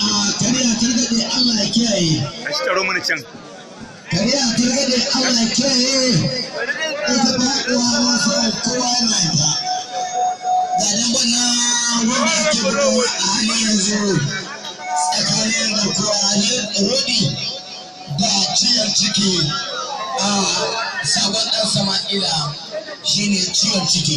a kariya targaɗe Allah ya kiyaye a shi taro mana can kariya Allah ya kiyaye ita ba uwa masu kowa yana ta ga damban wanda ake bugawa a hannun yanzu tsakanin garkuwa ne rodi da ciyar ciki a ah, sabon ɗan sama'ila shine ciyar ciki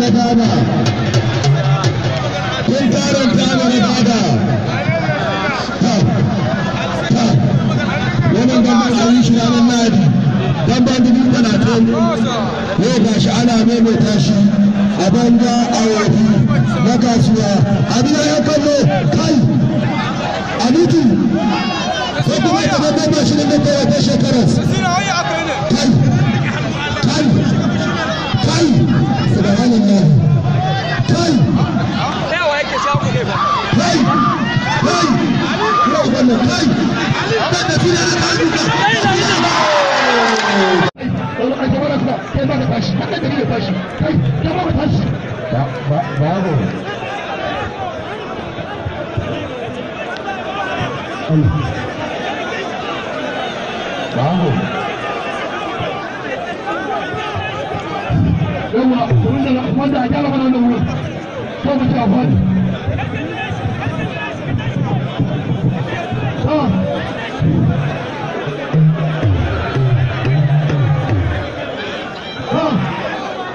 mana gada kun karanta ranar lahadi dan ba dubu yau ga shi ana maimaita shi a banga a wafi na kasuwa a biya ya kallo kai a mutu ko kuma ita babban mashirin da ta shekarar ba kai ba ka tashi da tashi kai ba ka tashi ba ba ba wanda a gyara mana wannan wurin, ko mu ci a